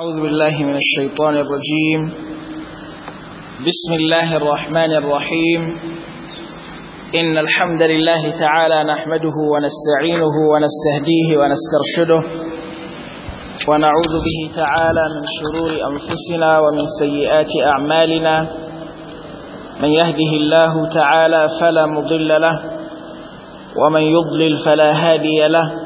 أعوذ بالله من الشيطان الرجيم بسم الله الرحمن الرحيم إن الحمد لله تعالى نحمده ونستعينه ونستهديه ونسترشده ونعوذ به تعالى من شرور أنفسنا ومن سيئات أعمالنا من يهده الله تعالى فلا مضل له ومن يضلل فلا هادي له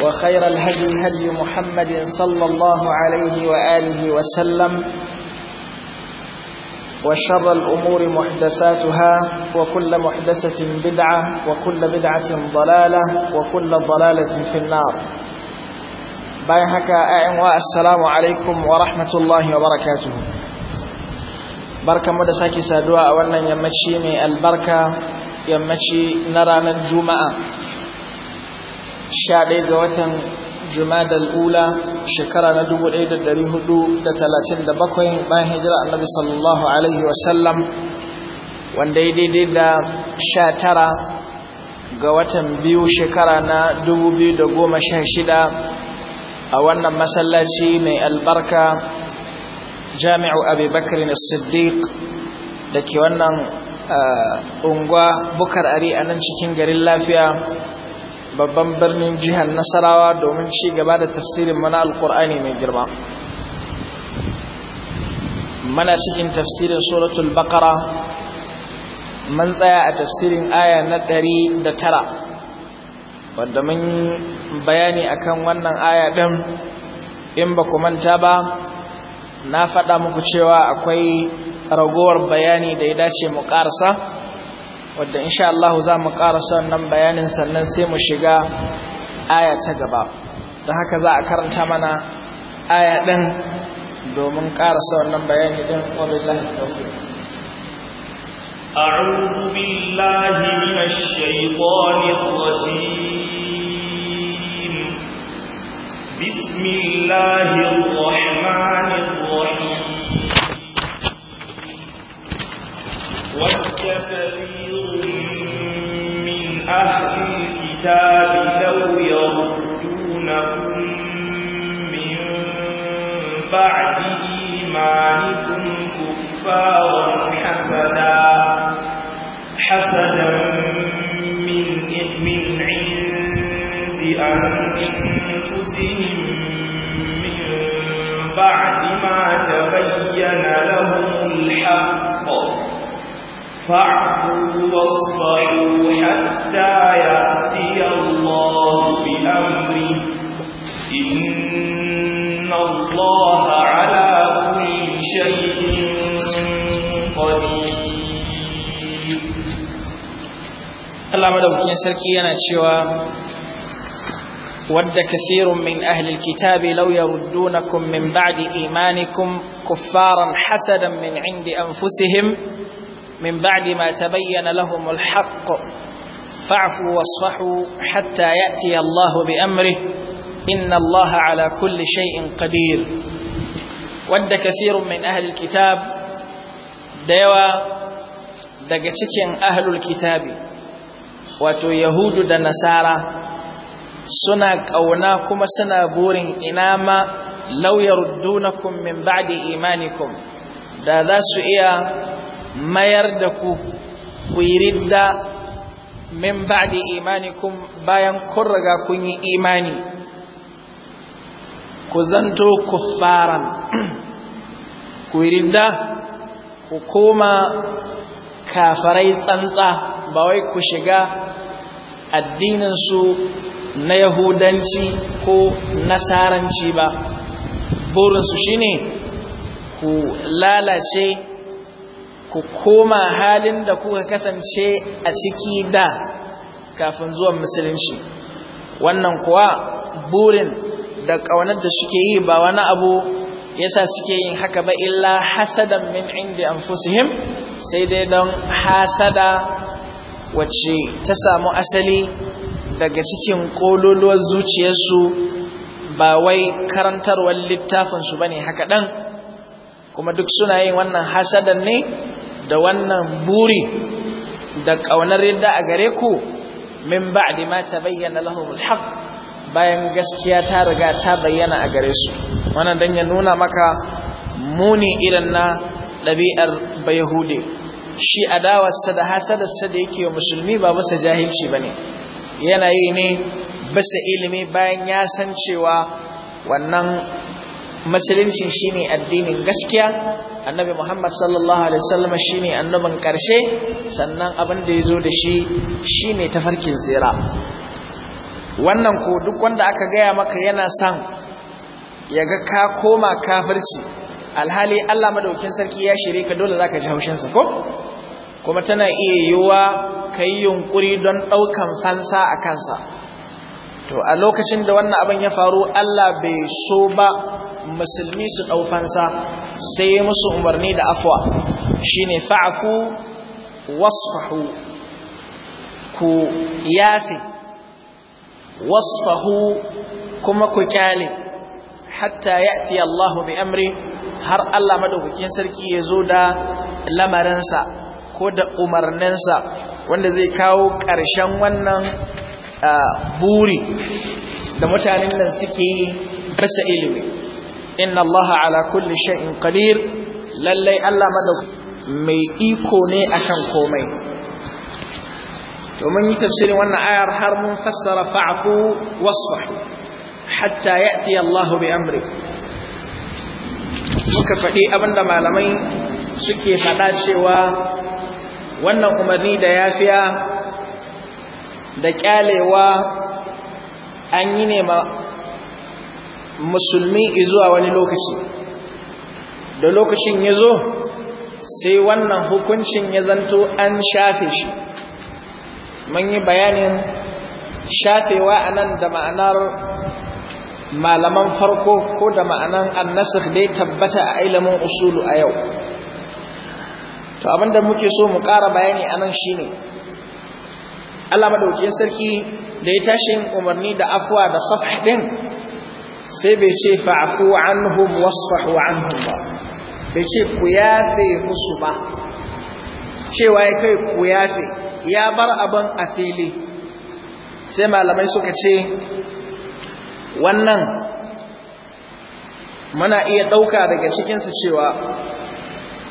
وخير الهدي هدي محمد صلى الله عليه وآله وسلم وشر الأمور محدثاتها وكل محدثة بدعة وكل بدعة ضلالة وكل ضلالة في النار بايحك أعوى السلام عليكم ورحمة الله وبركاته بركة مدساكي سادوا أولا يمشي من البركة يمشي نرى من 11 ga watan jumadal ula shekara na 1437 bayan hijira annabi sallallahu alaihi wasallam wanda ya daidai da 19 ga watan biyu shekara na 2016 a wannan masallaci mai albarka jami'u as siddiq dake dake wannan ah, unguwa bukar ari a nan cikin garin lafiya babban birnin jihar nasarawa domin ci gaba da tafsirin mana alkur'ani mai girma mana cikin tafsirin suratul bakara man tsaya a tafsirin aya na ɗari da tara wadda mun bayani akan wannan aya ɗin in ba ku manta ba na faɗa muku cewa akwai ragowar bayani da ya dace mu ƙarasa wadda insha Allah za mu ƙarasa nan bayanin sannan sai mu shiga aya ta gaba da haka za a karanta mana aya ɗin domin ƙarasa wannan bayani ɗin wabillahi tawfiq أعوذ بالله من الشيطان الرجيم بسم الله الرحمن الرحيم وكثير من أهل الكتاب لو يردونكم من بعد إيمانكم كفارا حسدا حسدا من من عند أنفسهم من بعد ما تبين لهم الحق فاعبدوا واصبروا حتى يأتي الله بأمره إن الله على كل شيء قدير Allah madaukakin sarki yana cewa ود كثير من أهل الكتاب لو يردونكم من بعد إيمانكم كفارا حسدا من عند أنفسهم من بعد ما تبين لهم الحق فاعفوا واصفحوا حتى يأتي الله بأمره إن الله على كل شيء قدير ود كثير من أهل الكتاب ديوى daga cikin ahlul kitabi wato yahudu da nasara suna ƙauna kuma suna burin ina ma lauyar dunakun min ba'di imanikum da za su iya mayar da ku ku yi ridda min imani kun, bayan kun riga kun yi imani ku zanto ku kuffaran ku yi ridda ku koma kafarai tsantsa ba wai ku shiga addininsu na yahudanci ko nasaranci ba burinsu shine ku lalace ku koma halin da kuka kasance a ciki da kafin zuwan musulunci wannan kuwa burin da ƙaunar da suke yi ba wani abu yasa suke yin haka ba illa hasadan min indi anfusihim sai dai don hasada wacce ta samu asali daga cikin kololuwar zuciyarsu ba wai karantarwar littafinsu ba ne haka ɗan kuma duk suna yin wannan hasadan ne da wannan buri da ƙaunar yadda a gare ku min ba'di ma tabayyana lahumul haqq bayan gaskiya ta riga ta bayyana a gare su wannan dan ya nuna maka muni irin na ɗabi'ar bayahude shi adawarsa da hasadarsa da yake wa musulmi ba basa jahilci bane yana yi ne bisa ilimi bayan ya san cewa wannan musulunci shine addinin gaskiya annabi Muhammad sallallahu alaihi wasallam shine annabin karshe sannan abin da yazo da shi shine tafarkin tsira wannan ko duk wanda aka gaya maka yana son yaga ka koma kafirci alhali Allah madaukin sarki ya shirya ka dole zaka ji haushin ko kuma tana iya yiwa kai yunkuri don daukan fansa a kansa to a lokacin da wannan abin ya faru Allah bai so ba musulmi su ɗau fansa sai musu umarni da afwa shine fa'fu wasfahu ku yafi wasfahu kuma ku kyale hatta ya'ti Allahu bi amri har Allah madaukakin sarki ya zo da lamarinsa ko da umarninsa wanda zai kawo ƙarshen wannan ah, buri da mutanen nan suke yi rasa ilimi inna allaha ala kulli shay'in qadir lallai Allah madaukaki mai iko ne akan komai to mun yi tafsirin wannan ayar har mun fassara fa'fu wasfahu hatta ya'ti Allah bi amri muka faɗi abinda malamai suke faɗa cewa wannan umarni da yafiya da kyalewa an yi ne ma musulmi zuwa wani lokaci da lokacin ya zo sai wannan hukuncin ya zanto an shafe shi mun yi bayanin shafewa a nan da ma'anar malaman farko ko da ma'anar annasir dai tabbata a ilimin usulu a yau to abinda muke so mu ƙara bayani a nan shine ne madaukakin sarki da ya tashi yin umarni da afuwa da safa ɗin. sai bai ce fa'afu anhum wasfahu anhum ba bai ce ku yafe musu ba cewa ya kai ku yafe ya bar abin a fili sai malamai suka ce wannan muna iya ɗauka daga cikinsu cewa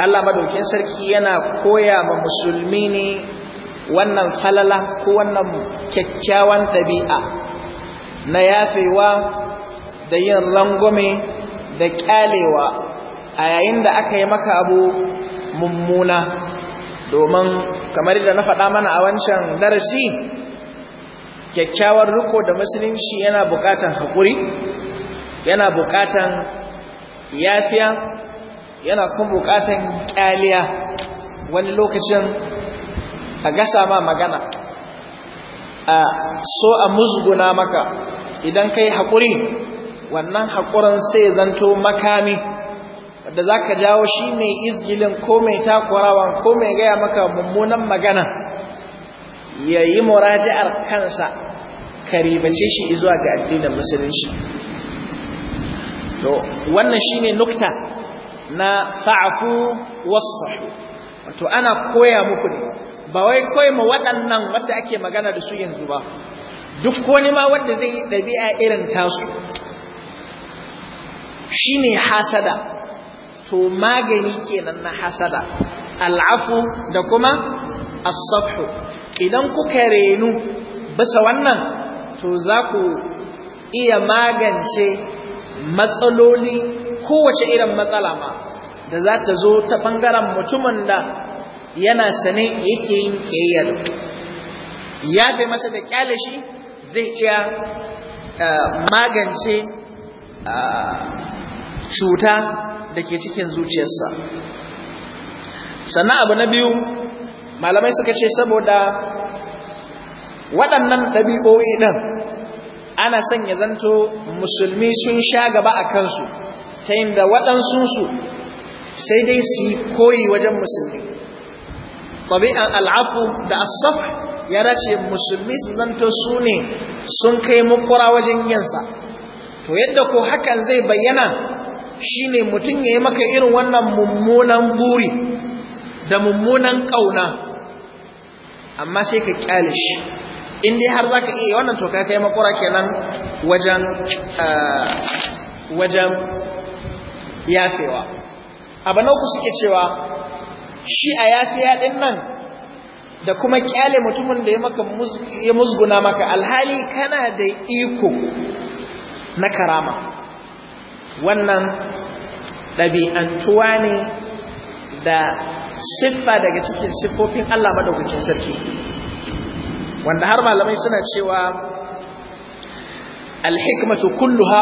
Allah madaukin sarki yana koya ma musulmi ne wannan falala ko wannan kyakkyawan ɗabi'a na yafewa da yin rangume da kyalewa a yayin da aka yi maka abu mummuna domin kamar da na faɗa mana a wancan darasi kyakkyawar riko da musulunci yana buƙatan haƙuri yana buƙatan yafiya yana kuma buƙatan ƙyaliya wani lokacin a gasa ma magana a so a musguna maka idan ka yi haƙuri wannan haƙurin sai zanto makami da za ka jawo shi mai izgilin ko mai takurawa, ko mai gaya maka mummunan magana ya yi muraji'ar kansa karibace shi zuwa ga addinin musulunci to wannan shi ne nukta na fa'afu wasfahu wato ana koya muku ne ba wai koyi ma waɗannan wadda ake magana da su yanzu ba duk wani ma wanda zai yi ɗabi'a irin tasu ne hasada to magani kenan na hasada al'afu da kuma as safhu. idan kuka renu bisa wannan to za ku iya magance matsaloli kowace irin matsala ma da za ta zo ta ɓangaren mutumin da yana sane yake yin ƙeyar ya fi masa da ƙyale shi zai iya eh, magance ah, cuta da ke cikin zuciyarsa sannan abu na biyu malamai suka ce saboda waɗannan ɗabi'o'i ɗin ana son ya zanto musulmi sun sha gaba a kansu ta yin da waɗansunsu sai dai su yi koyi wajen musulmi ɗabi'an al'afu da asaf ya dace musulmi su zanto su ne sun kai mukura wajen yinsa to yadda ko hakan zai bayyana shine mutum ya yi maka irin wannan mummunan buri da mummunan ƙauna amma sai ka ƙyale shi in dai har za ka iya wannan toka, ka kai makura kenan ah, wajen yafewa abu na uku suke cewa shi a yafiya ɗin nan da kuma ƙyale mutumin da ya musguna maka alhali kana da iko na karama wannan ɗabi'antuwa ne da siffa daga cikin siffofin Allah madaukakin sarki wanda har malamai suna cewa alhikmatu kulluha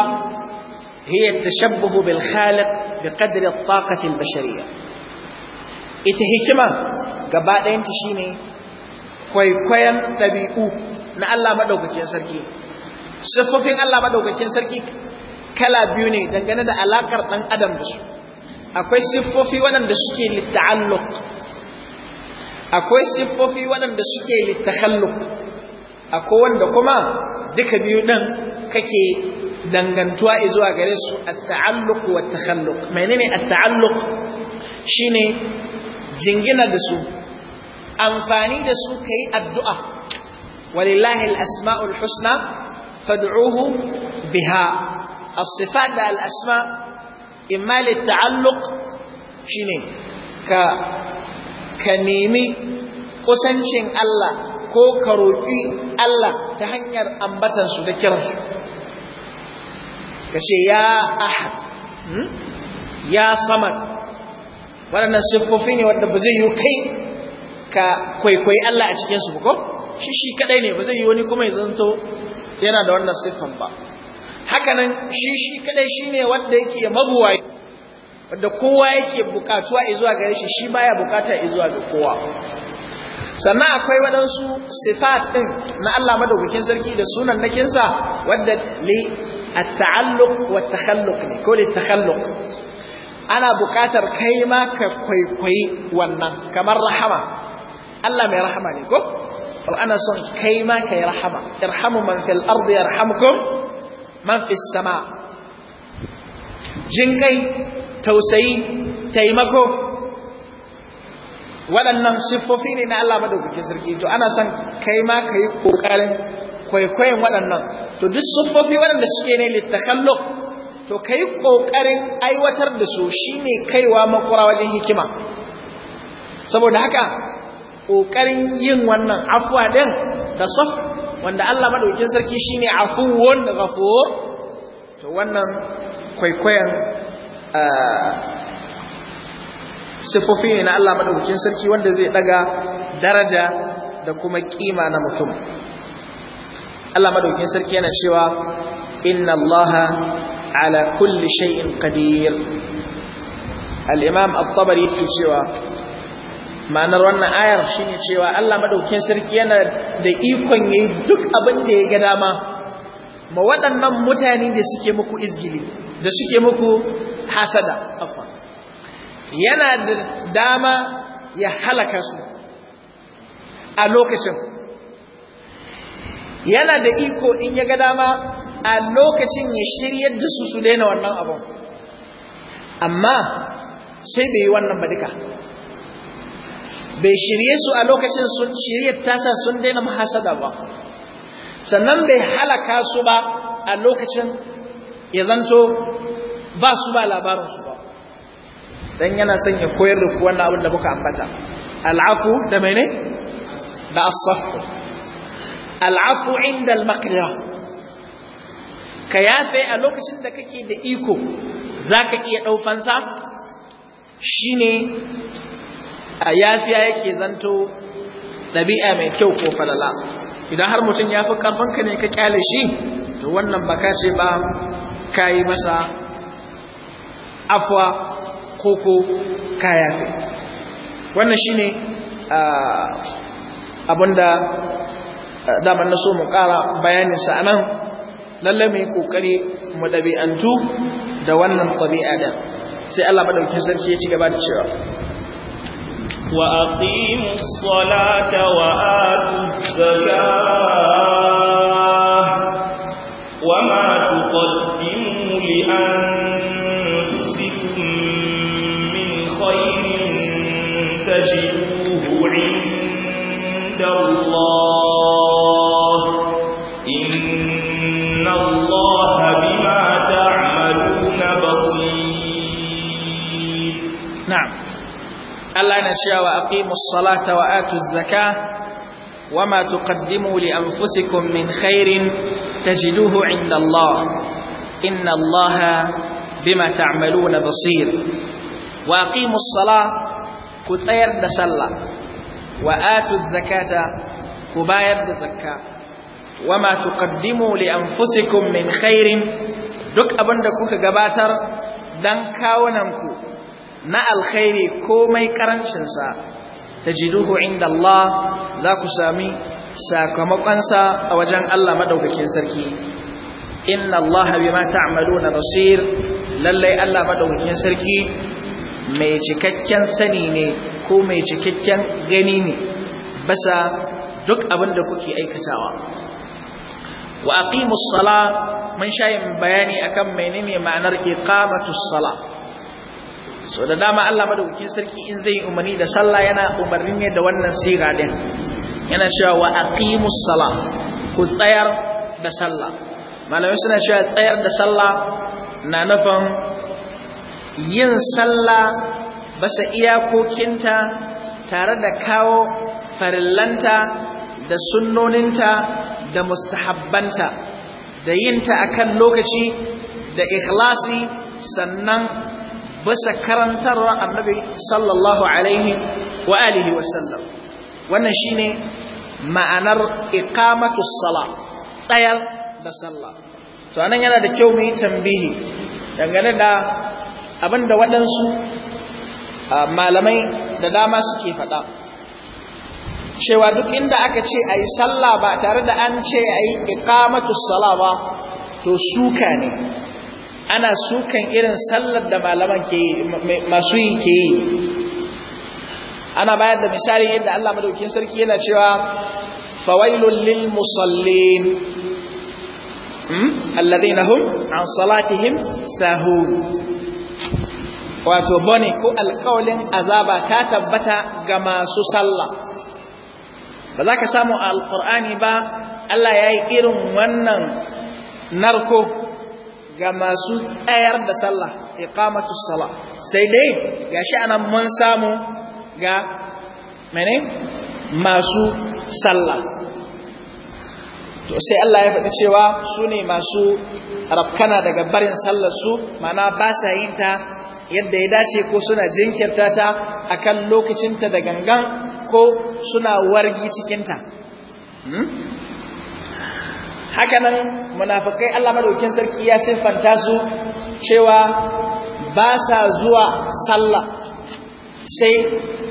hiya tashabbuhu bil khaliq da at-taqati al-bashariyya ita hikima gaba shi shine kwaikwayon ɗabi'u na Allah madaukakin sarki siffofin Allah madaukakin sarki kala biyu ne dangane da alakar ɗan adam da su akwai siffofi waɗanda suke litta'alluq akwai siffofi waɗanda suke littakhalluq akwai wanda kuma duka biyu ɗin kake dangantuwa zuwa gare su at-ta'alluq wa at ne menene at shi ne jingina da su amfani da su kai addu'a walillahi al-asma'ul husna fad'uhu biha as da al'asma, asma taalluq shine ka ka nemi kusancin Allah ko ka roƙi Allah ta hanyar ambatan su da kiransu kace ya ahad ya samad Wannan sifofin ne wanda ba zai yi kai ka kwaikwayi Allah a cikinsu ba ko shi shi kadai ne ba zai yi wani kuma ya zanto yana da wannan sifan ba hakanan shi shi kadai shi ne wanda yake mabuwayi wanda kowa yake bukatuwa zuwa gare shi shi baya bukata zuwa ga kowa sannan akwai waɗansu sifat ɗin na Allah madaukakin sarki da sunan nakinsa wadda li at-ta'alluq wa takhalluq ne ko li takhalluq ana bukatar kai ma ka kwaikwayi wannan kamar rahama Allah mai rahama ne ko to ana son kai ma ka yi rahama irhamu man fil ardi yarhamkum man fi sama kai tausayi taimako waɗannan siffofi ne na Allah madaukakin sarki to ana son kai ma kai kokarin kwaikwayon waɗannan to duk siffofi waɗanda suke ne littakhalluf to kai kokarin aiwatar da su shine kaiwa makura wajen hikima saboda haka ƙoƙarin yin wannan afwa din da saf wanda Allah madaukin sarki shi shine afuwun ghafur to wannan kwaikwayon ah, sifofi ne na Allah madaukin sarki wanda zai ɗaga daraja da kuma ƙima na mutum Allah madaukin sarki yana cewa inna Allaha ala kulli shay'in qadir al-imam at-tabari yake cewa Manar wannan ayar shine cewa Allah madaukin sarki yana da ikon yayi duk abin da ya ga dama ma waɗannan mutane da suke muku izgili da suke muku hasada afwan yana da dama ya halaka su a lokacin yana da iko in ya ga dama a lokacin ya shiryar da su su daina wannan abin amma sai bai yi wannan ba duka bai shirye su a lokacin sun shirye tasa sun daina mahasada ba sannan bai halaka su ba a lokacin ya zanto ba su ba su ba Dan yana son ya koyar da ku wannan abin da muka ambata al'afu da mai ne da asafu al'afu inda al-maqdira ka yafe a lokacin da kake da iko zaka ka iya ɗaufansa shine A yafiya yake zanto ɗabi'a mai kyau ko falala idan har mutum ya fi ƙarfinka ne ka kyale shi to wannan ba ka ce ba ka yi masa afwa ko ko ka wannan shi ne abinda damar na so mu ƙara bayaninsa a nan lallai mai ƙoƙari mu ɗabi'antu da wannan ɗabi'a ɗin sai Allah madaukin sarki ya ci gaba da cewa وأقيموا الصلاة yana cewa aqimus salata wa atuz zakah wama tuqaddimu li anfusikum min khairin tajiduhu inda Allah inna Allah bima ta'maluna basir wa aqimus salah ku tsayar da sallah wa atuz zakata ku bayar da zakka wama tuqaddimu li anfusikum min khairin duk abinda kuka gabatar dan kawunanku na alkhairi komai karancinsa ta jiduhu inda Allah za ku sami sakamakonsa a wajen Allah maɗaukakin sarki inna Allah bima na basir lallai Allah maɗaukakin sarki mai cikakken sani ne ko mai cikakken gani ne basa duk abin da kuke aikatawa wa aqimus sala mun shayin bayani akan menene ma'anar iqamatus sala so da dama Allah madaukakin sarki in zai umarni da sallah yana umarni ne da wannan siga din yana cewa wa aqimus salah ku tsayar da sallah malamai suna cewa tsayar da sallah na nufin yin sallah basa iyakokinta tare da kawo farillanta da sunnoninta da mustahabbanta da yinta akan lokaci da ikhlasi sannan Basa karantarwa annabi sallallahu alaihi wa alihi wasallam wannan shine ma'anar iqamatu sala tsayar da sallah to anan yana da kyau mu yi tambihi dangane da abinda waɗansu malamai da dama suke faɗa cewa duk inda aka ce ayi sallah ba tare da an ce ayi yi iqamatu sala ba to suka ne ana sukan irin sallar da malaman ke yi masu yi ke yi ana bayar da misali yadda Allah madaukin sarki yana cewa fawailul lil musallin hmm? alladhina hum an salatihim sahun wato bane ko alƙawlin azaba ta tabbata ga masu sallah ba za ka samu alƙur'ani ba Allah ya yi irin wannan narko ga masu tsayar da sallah iqamatu salah sai dai gashi anan mun samu ga mene masu sallah to sai Allah ya faɗi cewa su ne masu rafkana daga barin sallar su mana ba sa yin ta yadda ya dace ko suna jinkirta ta akan lokacinta da gangan ko suna wargi cikinta hmm? hakanan munafikai Allah madaukin sarki ya siffanta su cewa ba sa zuwa sallah sai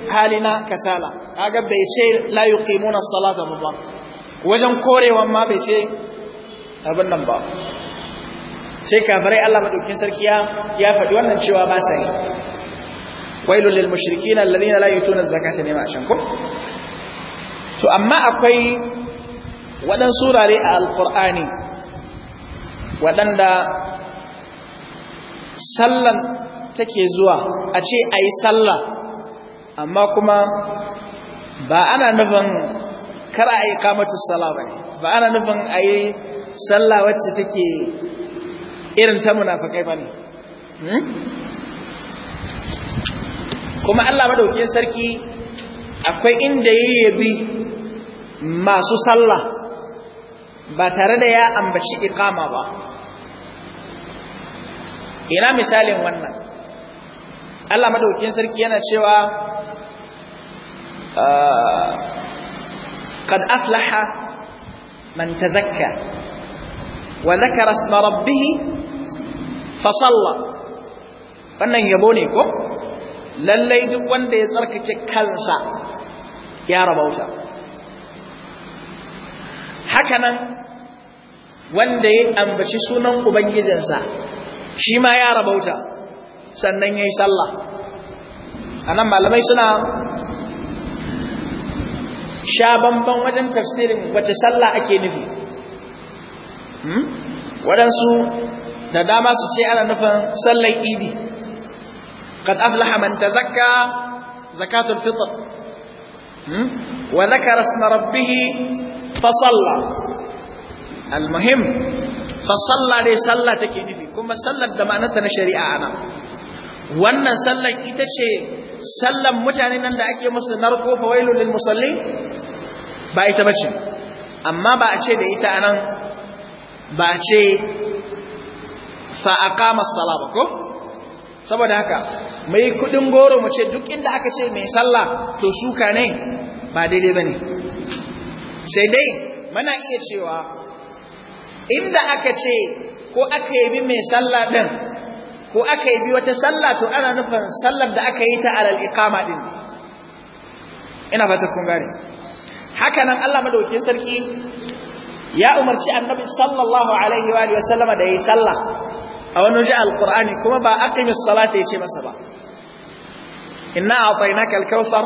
halina kasala kaga bai ce la yuqimuna salata ba wajen korewa ma bai ce abin nan ba sai kafirai Allah madaukin sarki ya ya faɗi wannan cewa ba sa yi wailul lil mushrikin alladhina la yutuna zakata ne ma shan ko to amma akwai waɗansu surare a alƙur'ani waɗanda sallan take zuwa a ce a yi sallah amma kuma ba ana nufin kar a yi kamatar sallah ba ba ana nufin a yi sallah wacce take irin ta munafakai ba ne hmm? kuma Allah maɗaukin sarki akwai inda ya yabi masu sallah ba tare da ya ambaci iƙama ba ina misalin wannan Allah madaukakin sarki yana cewa ah, qad aflaha man tazakka wa dhakara isma rabbih fa salla wannan yabo ne ko lallai duk wanda ya tsarkake kansa ya rabauta haka nan wanda ya ambaci sunan ubangijinsa shi ma ya rabauta sannan ya yi sallah a nan malamai suna sha bambam wajen tafsirin wace sallah ake nufi hmm? waɗansu da dama su ce ana nufin sallar idi qad aflaha man tazakka zakatul fitr hmm? wa dhakara isma fasalla almuhim fasalla dai sallah take nufi kuma sallar da ma'anarta na shari'a ana wannan sallar ita ce sallar mutane nan da ake musu narko fa wailu lil musallin ba ita bace amma ba a ce da ita anan ba a ce fa aqama as-sala ko saboda haka mai kudin goro mu ce duk inda aka ce mai sallah to suka ne ba daidai bane sai dai mana iya cewa inda aka ce ko aka yi bi mai sallah din ko aka yi bi wata sallah to ana nufin sallar da aka yi ta alal iqama din ina fata kun gare haka nan Allah madaukakin sarki ya umarci annabi sallallahu alaihi wa sallama da yayi sallah a wani waje alqur'ani kuma ba aqimis salata yace masa ba inna a'tainaka alkawthar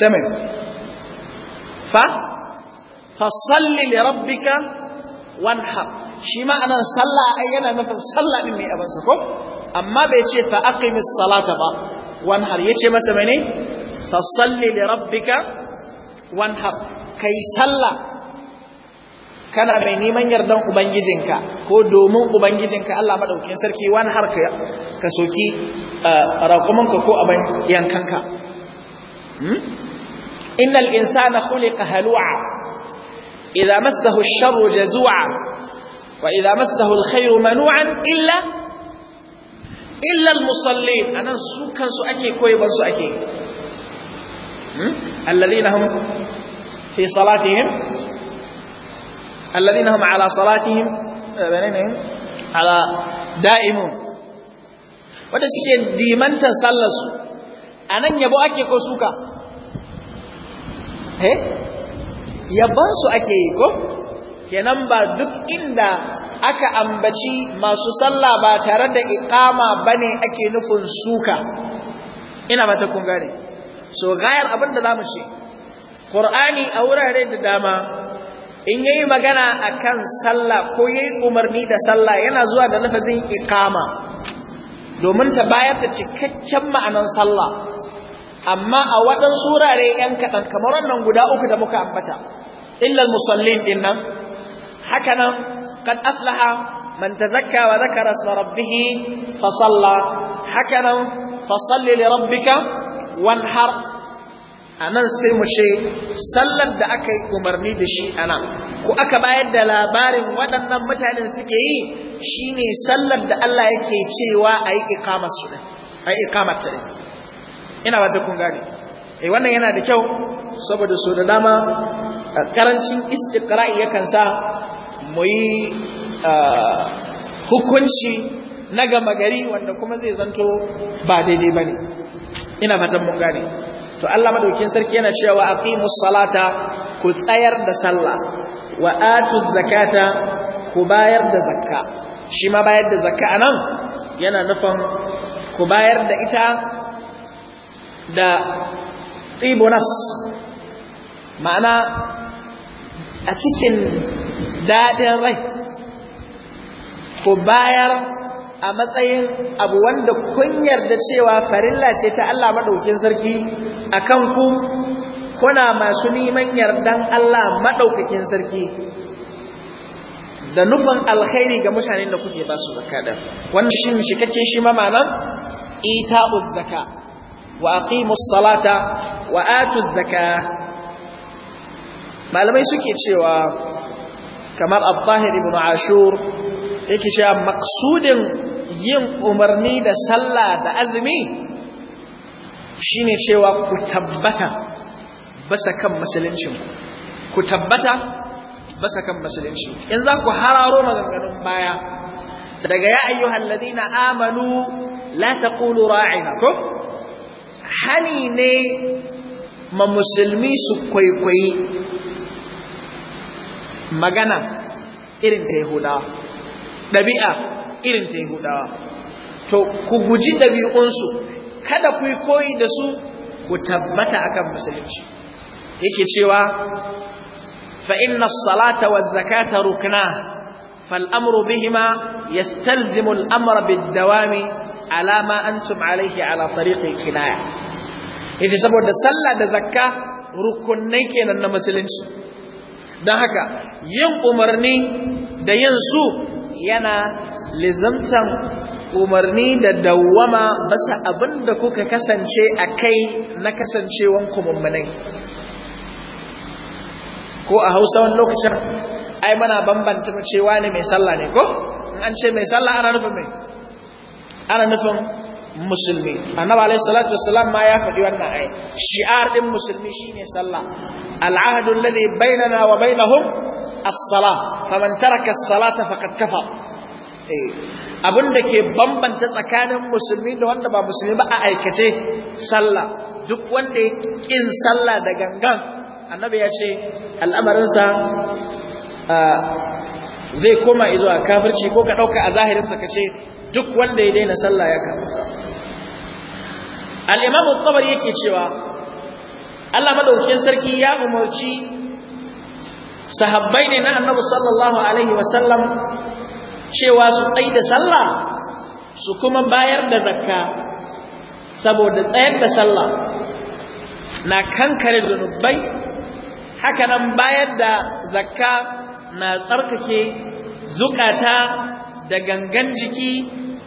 samai fa fasalli li rabbika wanhar shi ma anan sallah ai yana nufin sallah din mai abansa ko amma bai ce fa aqimis salata ba wanhar yace masa mene fasalli li rabbika wanhar kai sallah kana mai neman yardan ubangijinka ko domin ubangijinka Allah madaukakin sarki wanhar ka ka soki eh, raƙumanka ko abin yankanka hmm? إن الإنسان خلق هلوعا إذا مسه الشر جزوعا وإذا مسه الخير منوعا إلا إلا المصلين أنا سوكا سؤكي كويبا سؤكي الذين هم في صلاتهم الذين هم على صلاتهم على دائمون wanda suke dimantar sallarsu a nan كو سوكا eh yaban su ake yi ko kenan ba duk inda aka ambaci masu sallah ba tare da iqama bane ake nufin suka ina mata kun gane so gayar abin da zamu ce qur'ani a wurare da dama in yayi magana akan sallah ko yayi umarni da sallah yana zuwa da lafazin iqama domin ta bayar da cikakken ma'anan sallah amma a waɗansu wurare yan kaɗan kamar wannan guda uku da muka ambata illal musallin din nan haka nan qad aflaha man tazakka wa dhakara isma rabbih fa haka nan fa salli li rabbika a anan sai mu ce sallar da aka yi umarni da shi anan ko aka bayar da labarin waɗannan mutanen suke yi shine sallar da Allah yake cewa ayi iqamatu ayi iqamatu ina ba ta kun gane eh wannan yana da kyau saboda so da dama eh, karancin istiqra'i yakan sa mu yi eh, hukunci na gama gari wanda kuma zai zanto ba daidai bane ina fatan mun gane to Allah madaukin sarki yana cewa aqimus salata ku tsayar da sallah wa atu zakata ku bayar da zakka shi ma bayar da zakka anan yana nufin ku bayar da ita da tsibonas ma'ana a cikin daɗin rai ku bayar a matsayin abu wanda kun yarda cewa farilla ce ta Allah maɗaukin sarki a ku, kuna masu neman yardan Allah maɗaukakin sarki da nufin alkhairi ga mutanen da kuke ba su zakka ɗin wannan shi shi kake shi ma ma'anar ita'uz zakka wa aqimus salata wa atuz zakah malamai suke cewa kamar al-zahir ibn ashur yake cewa maksudin yin umarni da sallah da azumi shine cewa ku tabbata basa kan musuluncin ku tabbata basa kan in za ku hararo maganganun baya daga ya ayyuhal ladina amanu la taqulu ra'ina ko hani ne ma musulmi su kwaikwayi magana irin ta yahudawa ɗabi'a irin ta yahudawa to ku guji ɗabi'unsu kada ku yi koyi da su ku tabbata akan musulunci yake cewa fa inna salata wa zakata rukna fal amru bihima yastalzimu al amra bid dawami alama antum alaihi ala tariqi kinaya yace saboda sallah da zakka rukunnai kenan na musulunci Dan haka yin umarni da yin su yana lizamtan umarni da dawwama basa abinda kuka kasance a kai na kasancewan mummunai ko a hausa wani lokacin ai mana bambanta cewa ne mai sallah ne ko an ce mai sallah ana nufin mai ana nufin musulmi annabi alayhi salatu wassalam ma ya faɗi wannan ai shi'ar din musulmi shine sallah al'ahdu alladhi bainana wa bainahum as-salah faman taraka as-salata faqad kafar eh, abin da ke bambanta tsakanin musulmi da wanda ba musulmi ba a aikace sallah duk wanda ya kin sallah da gangan annabi ya ce al'amarinsa ah, zai koma izuwa kafirci ko ka ɗauka a zahirinsa ka ce duk wanda ya daina sallah ya kafirta al-imamu tabari yake cewa Allah madaukakin sarki ya umarci sahabbai ne na annabi sallallahu alaihi wasallam cewa su tsaye da sallah su kuma bayar da zakka saboda tsayar da sallah na kankare zunubai hakanan bayar da zakka na tsarkake zukata da gangan jiki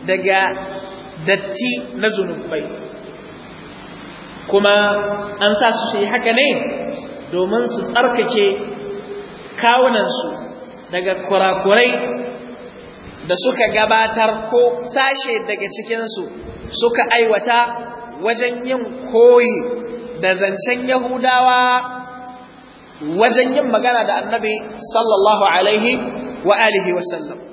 daga datti na zunubai kuma an sa su shi haka ne domin su tsarkake kawunansu daga kurakurai da suka gabatar ko sashe daga cikinsu suka aiwata wajen yin koyi da zancen yahudawa wajen yin magana da annabi sallallahu alaihi wa alihi wasallam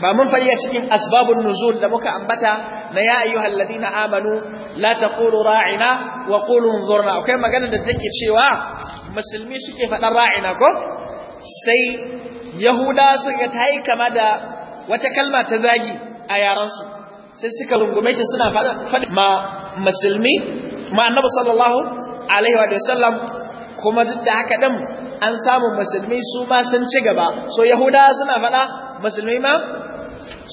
ba mun fari a cikin asbabun nuzul da muka ambata na ya ayyuhal ladina amanu la taqulu ra'ina wa qulu unzurna akwai magana da take cewa musulmi suke faɗan ra'ina ko sai yahuda suka tayi kama da wata kalma ta zagi a yaran su sai suka rungume ta suna faɗa ma musulmi ma annabi sallallahu alaihi wa sallam kuma duk da haka din an samu musulmi su ma sun ci gaba so yahudawa suna faɗa musulmi ma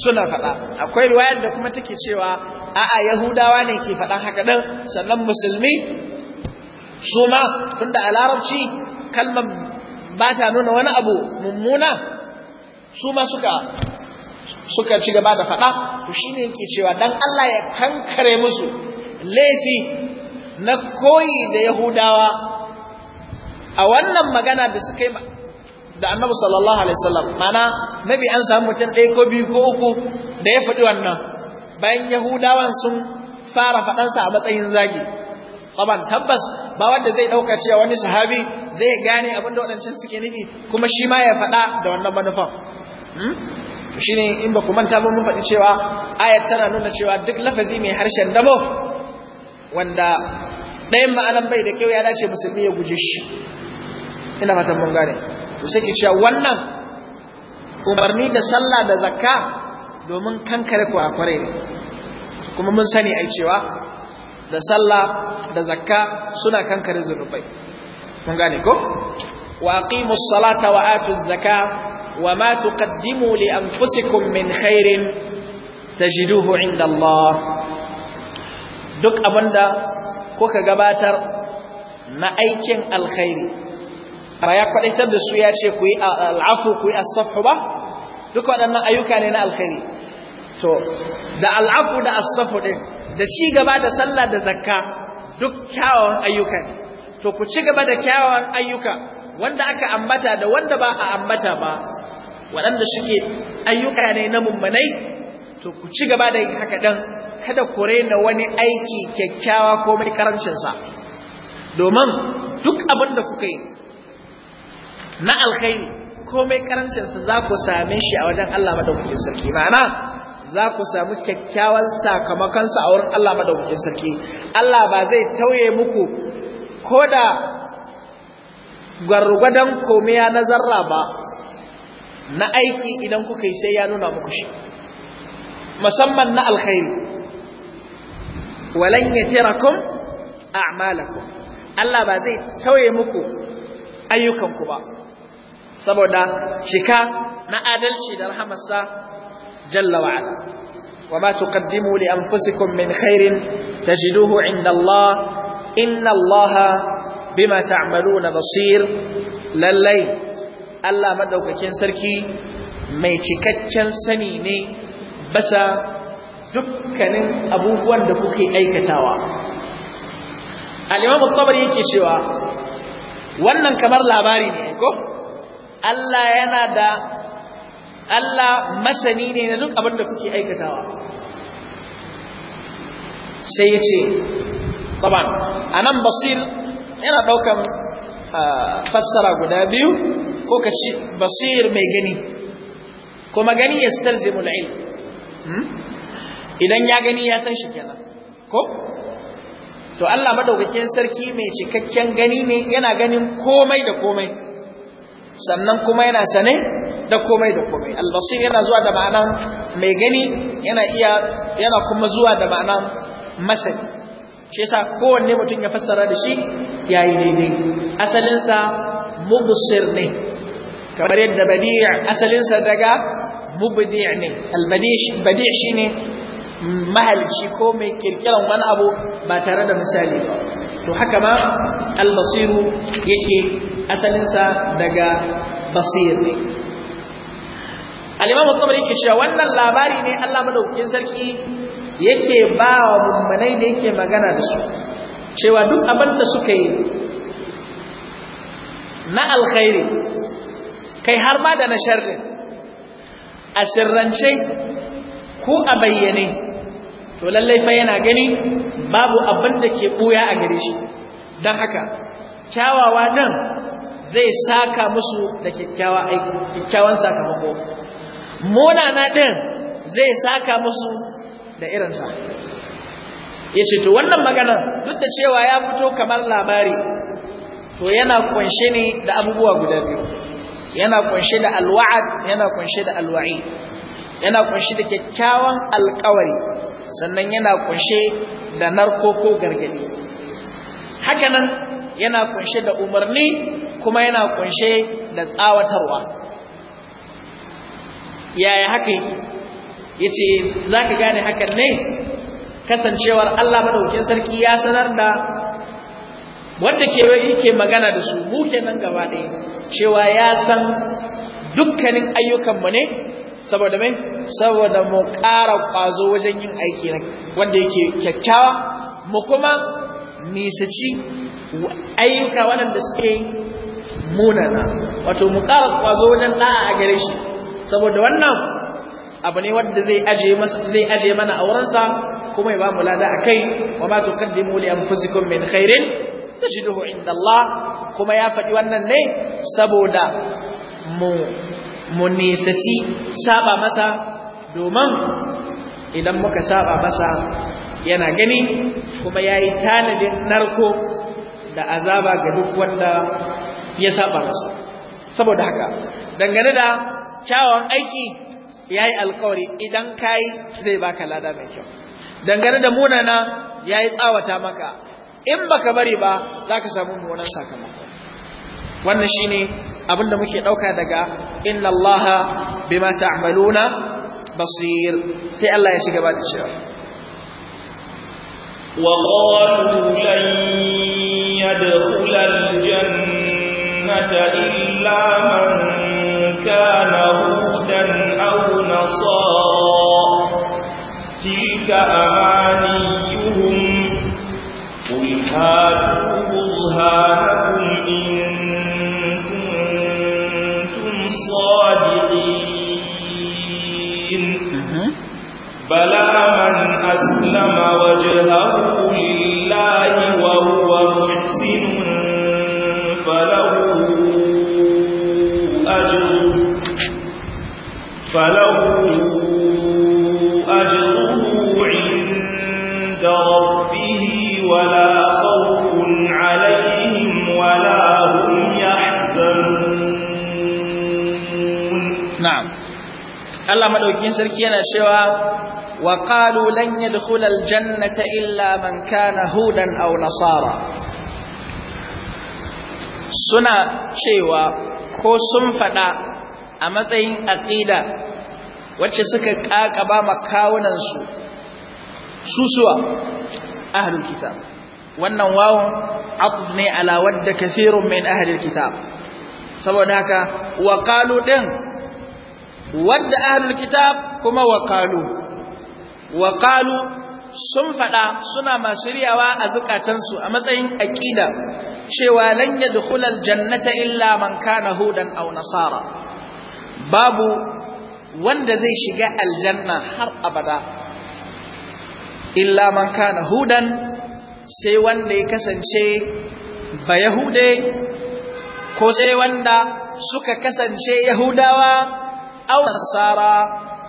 suna faɗa akwai riwayar da kuma take cewa a'a yahudawa ne ke faɗan haka din sannan musulmi su ma tunda a larabci kalmar ba ta nuna wani abu mummuna su ma suka suka ci gaba da faɗa to shine yake cewa dan Allah ya kankare musu laifi na koyi da yahudawa a wannan magana da suka yi da annabu sallallahu alaihi wasallam mana nabi an samu mutum ɗaya ko biyu ko uku da ya faɗi wannan bayan yahudawan sun fara faɗansa a matsayin zagi Baban tabbas ba wanda zai ɗauka cewa wani sahabi zai gane abin da waɗancan suke nufi kuma shi ma ya faɗa da wannan manufan hmm? shi ne in ba ku manta ba mun faɗi cewa ayat tana nuna cewa duk lafazi mai harshen dabo wanda ɗayan ma'anan bai da kyau ya dace musulmi ya guje shi ina fatan mun gane to sai ke cewa wannan umarni da sallah da zakka domin kankare ku akware ne kuma mun sani ai cewa da sallah da zakka suna kankare zunubai mun gane ko wa aqimus salata wa atuz zakata وما تقدموا لأنفسكم min خير تجدوه inda Allah. duk abinda kuka gabatar na aikin alkhairi ana ya kwadaitar da su ya ce ku yi al'afu ku yi as-safhu ba duk waɗannan ayyuka ne na alkhairi to da al'afu da as-safhu din da ci gaba da sallah da zakka duk kyawawan ayyuka ne to ku ci gaba da kyawawan ayyuka wanda aka ambata da wanda ba a ambata ba waɗanda suke ayyuka ne na mummanai to ku ci gaba da haka dan kada ku raina wani aiki kyakkyawa ko mai karancinsa domin duk abin da kuka yi na alkhairi komai karancinsa za ku same shi a wajen Allah madaukakin sarki ma'ana za ku samu kyakkyawan sakamakonsa a wurin Allah madaukakin sarki Allah ba zai tauye muku ko da gwargwadon komiya na zarra ba na aiki idan kuka yi sai ya nuna muku shi musamman na alkhairi walan yatirakum a'malakum Allah ba zai tauye muku ayyukanku ba saboda cika na adalci da rahamarsa jalla wa ala wa ma tuqaddimu li anfusikum min khairin tajiduhu inda Allah inna Allah bima ta'maluna basir lallai Allah madaukakin sarki mai cikakken sani ne basa dukkanin abubuwan da kuke aikatawa al-imam at-tabari yake cewa wannan kamar labari ne ko Allah yana da Allah masani ne na duk abin da kuke aikatawa sai ya ce baban, a nan basir yana ɗaukan fassara guda biyu ko ka ci basir mai gani kuma gani ya star zimul il hmm? idan ya gani ya san shi kenan ko to Allah madaukakin sarki mai cikakken gani ne yana ganin komai da komai sannan kuma yana sane da komai da komai albasir yana zuwa da ma'ana mai gani yana iya yana kuma zuwa da ma'ana masani shi yasa kowanne mutum ya fassara da shi yayi daidai asalinsa mubsir ne kamar yadda badi' asalinsa daga mubdi' ne albadi' badi' shine mahalci ko mai kirkiran wani abu ba tare da misali ba to haka ma albasiru yake asalinsa daga basir ne al-imam yake cewa wannan labari ne Allah madaukakin sarki yake ba wa mummunai da yake magana da su cewa duk abin da suka yi na alkhairi kai har ma da na sharrin a sirrance ko a bayyane to lallai fa yana gani babu abin da ke ɓuya a gare shi don haka kyawawa nan zai saka musu da eh, kyakkyawan sakamako munana ɗin zai saka musu da irinsa ya ce to wannan maganar duk da cewa ya fito kamar labari to yana kunshe ne da abubuwa guda biyu yana kunshe da alwa'ad yana kunshe da alwa'i yana kunshe da kyakkyawan alkawari sannan yana kunshe da narko ko gargadi hakanan yana kunshe da umarni kuma yana kunshe da tsawatarwa yaya haka ce yace zaka gane hakan ne kasancewar Allah madaukakin sarki ya sanar da wanda ke ke magana da su mu kenan gaba ɗaya cewa ya san dukkanin ayyukan mu ne saboda mai saboda mu ƙara ƙwazo wajen yin aiki wanda yake kyakkyawa mu kuma nisaci ayyuka waɗanda suke munana wato mu ƙara kwazo wajen ɗa'a a gare shi saboda wannan abu ne wanda zai aje zai aje mana aurensa kuma ya ba mu lada a kai wa ma tuqaddimu li anfusikum min khairin tajiduhu inda Allah kuma ya faɗi wannan ne saboda mu mu nisaci saba masa domin idan muka saba masa yana gani kuma yayi tanadin narko da azaba ga duk wanda ya saba masa saboda haka dangane da kyawun aiki yayi alƙawari, idan kai zai baka lada mai kyau dangane da munana yayi tsawata maka in baka bari ba zaka samu munan sakamako wannan shine abinda muke dauka daga inna allaha bima ta'maluna basir sai Allah ya shiga ba ta cewa وقالوا لن يدخل الجنة إلا من كان هودا أو نصارا تلك أمانيهم قل هاتوا برهانكم إن كنتم صادقين بلى من أسلم وجهه لله Allah maɗaukin sarki yana cewa wa ƙalu lanyar hular jannata illa man kana hudan au nasara. suna cewa ko sun faɗa a matsayin aƙida wacce suka ƙaƙaba makawunansu susuwa ahlul kitab wannan wawon aqd ne ala wadda kathirun min ahlul kitab saboda haka wa qalu din wadda ahlul kitab kuma wa qalu wa qalu sun faɗa suna masu riyawa a zukatansu a matsayin aƙida cewa lan yadkhulal jannata illa man kana hudan aw nasara babu wanda zai shiga aljanna har abada illa man kana hudan sai wanda ya kasance ba yahude ko sai wanda suka kasance yahudawa aw nasara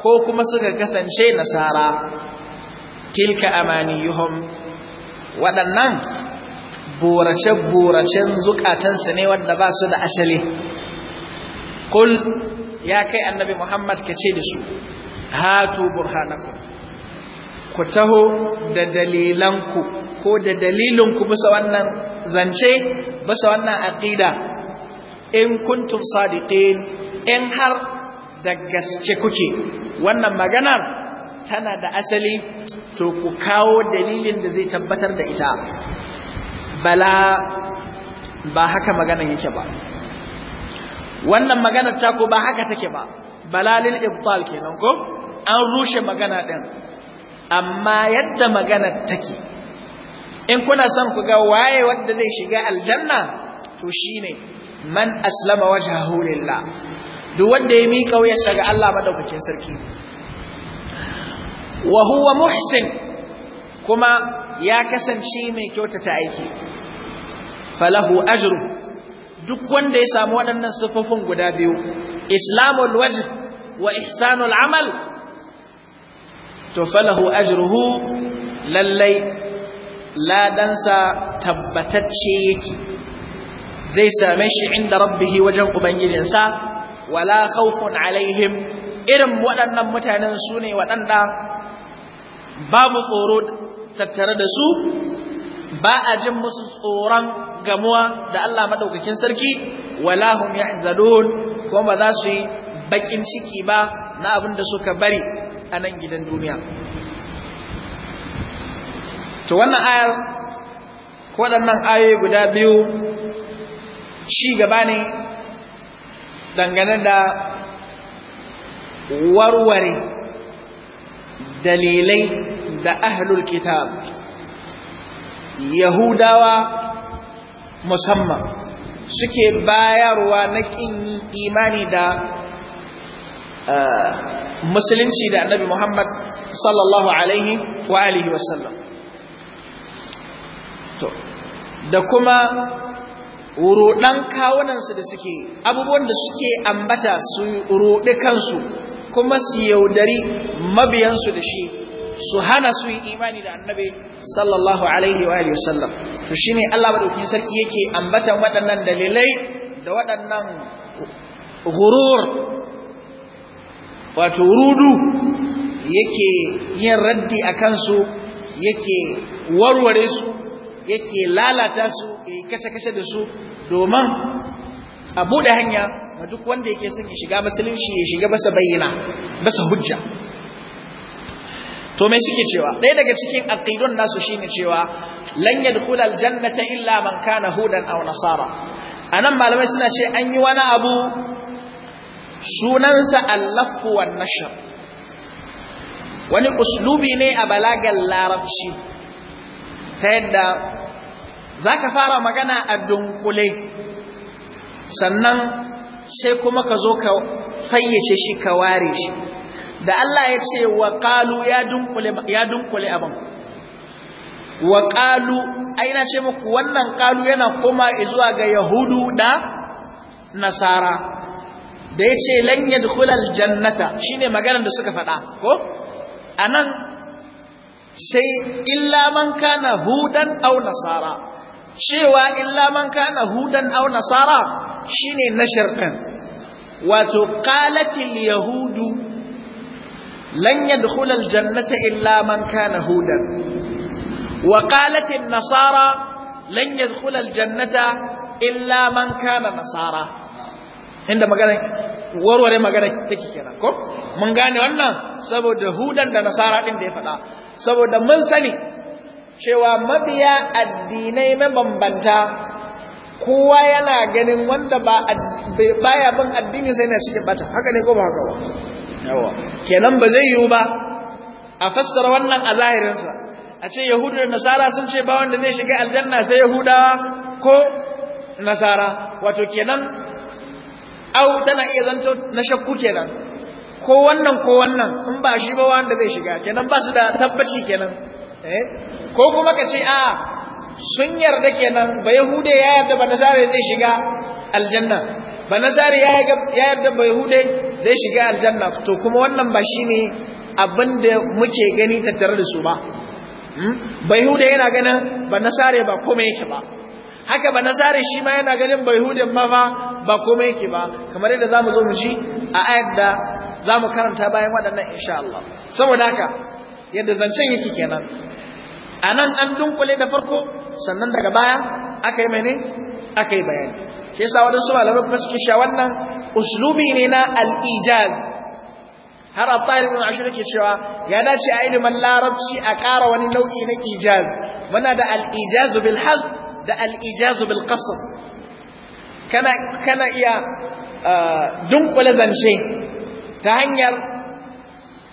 ko kuma suka kasance nasara tilka amaniyuhum waɗannan borace-boracen zukatansu ne wanda ba su da asali kul ya kai annabi muhammad ka ce da su hatu burhanaku ku taho da dalilanku ko da dalilinku bisa wannan zance bisa wannan aqida in kuntum sadiqin in har da gaske kuke wannan maganar tana da asali to ku kawo dalilin da zai tabbatar da ita bala ba haka maganan yake ba wannan maganar ta ko ba haka take ba balalil ibtal kenan ko an rushe magana din amma yadda maganar take in kuna son ku ga waye wanda zai shiga aljanna to shine man aslama wajhahu lillah duk wanda ya miƙa wuyarsa ga Allah madaukakin sarki wa huwa muhsin kuma ya kasance mai kyautata aiki falahu ajru duk wanda ya samu waɗannan sifofin guda biyu islamul wajh wa ihsanul amal to falahu ajruhu lallai ladansa tabbatacce yake zai same shi inda rabbihi wajen ubangijinsa wala khawfun alaihim irin waɗannan mutanen su ne waɗanda babu tsoro tattare da su ba a jin musu tsoron gamuwa da Allah madaukakin sarki walahum hum kuma ba za su yi baƙin ciki ba na abin da suka bari a nan gidan duniya to wannan ayar waɗannan ayoyi guda biyu shi gaba ne dangane da warware dalilai da ahlul kitab yahudawa musamman suke bayarwa na ƙin imani da eh, musulunci da annabi muhammad sallallahu alaihi wa alihi wasallam da kuma ruɗan kawunansu da suke abubuwan da suke ambata su ruɗi kansu kuma su yaudari mabiyansu da shi su hana su yi imani da annabi sallallahu alaihi wa alihi wasallam to shine Allah madaukakin sarki yake ambatan waɗannan dalilai da waɗannan gurur wato rudu yake yin raddi a kansu yake warware su yake lalata su yake kace-kace da su domin a buɗe hanya ma duk wanda yake son ya shiga musulunci ya shiga masa bayyana masa hujja to me suke cewa ɗaya daga cikin aqidun nasu shine cewa lan yadkhul aljannata illa man kana hudan aw nasara anan malamai suna ce an yi wani abu sunansa allafu wan nashr wani uslubi ne a balagan larabci ta yadda zaka fara magana a dunkule sannan sai kuma ka zo ka fayyace shi ka ware shi da Allah ya ce wa ya dunkule abin wa ce muku wannan Kalu yana kuma izuwa ga yahudu da nasara da ya ce lanyar kulal jannata shine maganar da suka faɗa ko a nan sai illa man na hudan au nasara cewa illa man na hudan au nasara Shi ne na din wato ƙalatin yahudu lan yadkhul aljannata illa man kana hudan wa qalat an-nasara lan yadkhul aljannata illa man kana nasara inda magana warware magana take kenan ko mun gane wannan saboda hudan da nasara din da ya faɗa saboda mun sani cewa mabiya addinai mabambanta kowa yana ganin wanda ba baya bin addini sai na cikin bata haka ne ko ba haka ba yawa kenan ba zai yiwu ba a fassara wannan a zahirinsa a ce yahudu da nasara sun ce ba wanda zai shiga aljanna sai yahudawa ko nasara wato kenan au tana iya zanto na shakku kenan ko wannan ko wannan in ba shi ba wanda zai shiga kenan ba su da tabbaci kenan eh ko kuma ka ce a'a sun yarda kenan ba yahude ya yarda ba nasara zai shiga aljanna Ba nazari ya yarda bai hude zai shiga aljanna to kuma wannan ba shi ne abinda muke gani tattare da su ba hmm? bai hude yana ganin nazari ba kome yake ba haka ba nazari shi ma yana ganin bai hude ma ba ba kome yake ba kamar yadda za mu zo mu ji a ayat da zamu karanta bayan waɗannan insha Allah saboda haka yadda zancen yake kenan a nan an dunkule da farko sannan daga baya aka yi ne aka yi bayani shi yasa waɗansu malamai kuma suke sha wannan uslubi ne na al-ijaz har tsarin ibn ashur ke cewa ya dace a ilimin larabci a ƙara wani nau'i na ijaz muna da al-ijaz bil haz da al-ijaz bil qasr kana kana iya uh, dunkule zance ta hanyar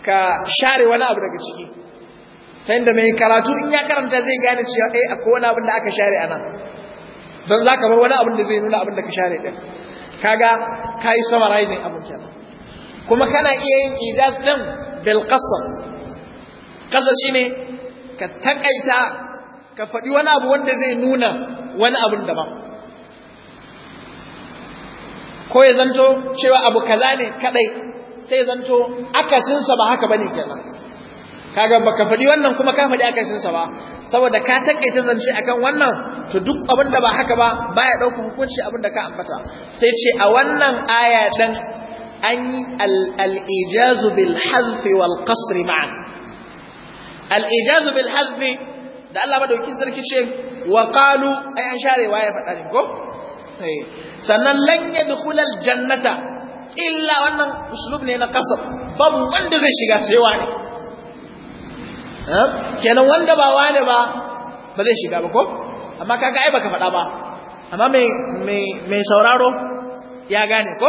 ka share wani abu daga ciki ta inda mai karatu in ya karanta zai gane cewa eh akwai wani abin da aka share a nan don za ka bar wani abin da zai nuna abin da ka share ɗin kaga ka yi summarizing abin kenan kuma kana iya yin idaz ɗin bil ƙasa shi ne ka taƙaita ka faɗi wani abu wanda zai nuna wani abin ba ko ya zanto cewa abu kaza ne kaɗai sai ya zanto akasinsa ba haka ba ne kenan kaga ka faɗi wannan kuma ka faɗi akasinsa ba saboda ka takaita zance akan wannan to duk abin da ba haka ba baya ɗaukar hukunci abin da ka ambata sai ce a wannan aya dan an yi al-ijazu bil hazfi wal qasr ma'an al-ijazu bil hazfi da Allah madauki sarki ce wa qalu ai an share waye ne ko eh. sannan lan jannata illa wannan uslub ne na qasr babu wanda zai shiga sai wani Eh? kenan wanda ba wane ba ba zai shiga ba ko amma kaga ai baka faɗa ba amma mai mai sauraro ya gane ko